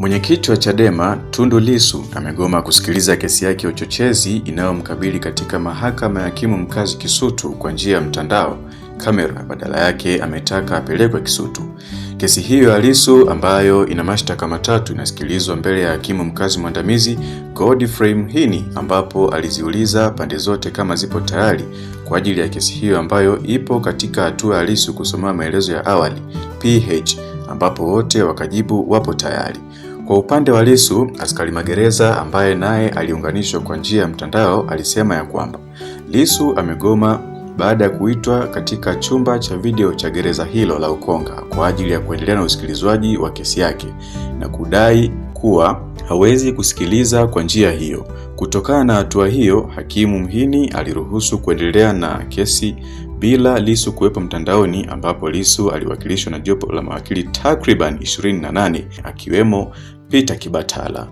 Mwenyekiti wa Chadema Tundu Lissu amegoma kusikiliza kesi yake ya uchochezi inayomkabili katika mahakama ya hakimu mkazi Kisutu kwa njia ya mtandao kamera, badala yake ametaka apelekwe Kisutu. Kesi hiyo ya Lissu ambayo ina mashtaka matatu inasikilizwa mbele ya hakimu mkazi mwandamizi Godfrey Mhini, ambapo aliziuliza pande zote kama zipo tayari kwa ajili ya kesi hiyo ambayo ipo katika hatua ya Lissu kusomewa maelezo ya awali PH, ambapo wote wakajibu wapo tayari. Kwa upande wa Lissu, askari magereza ambaye naye aliunganishwa kwa njia ya mtandao alisema ya kwamba Lissu amegoma baada ya kuitwa katika chumba cha video cha gereza hilo la Ukonga kwa ajili ya kuendelea na usikilizwaji wa kesi yake na kudai kuwa hawezi kusikiliza kwa njia hiyo. Kutokana na hatua hiyo, hakimu Mhini aliruhusu kuendelea na kesi bila Lissu kuwepo mtandaoni, ambapo Lissu aliwakilishwa na jopo la mawakili takriban 28 akiwemo Peter Kibatala.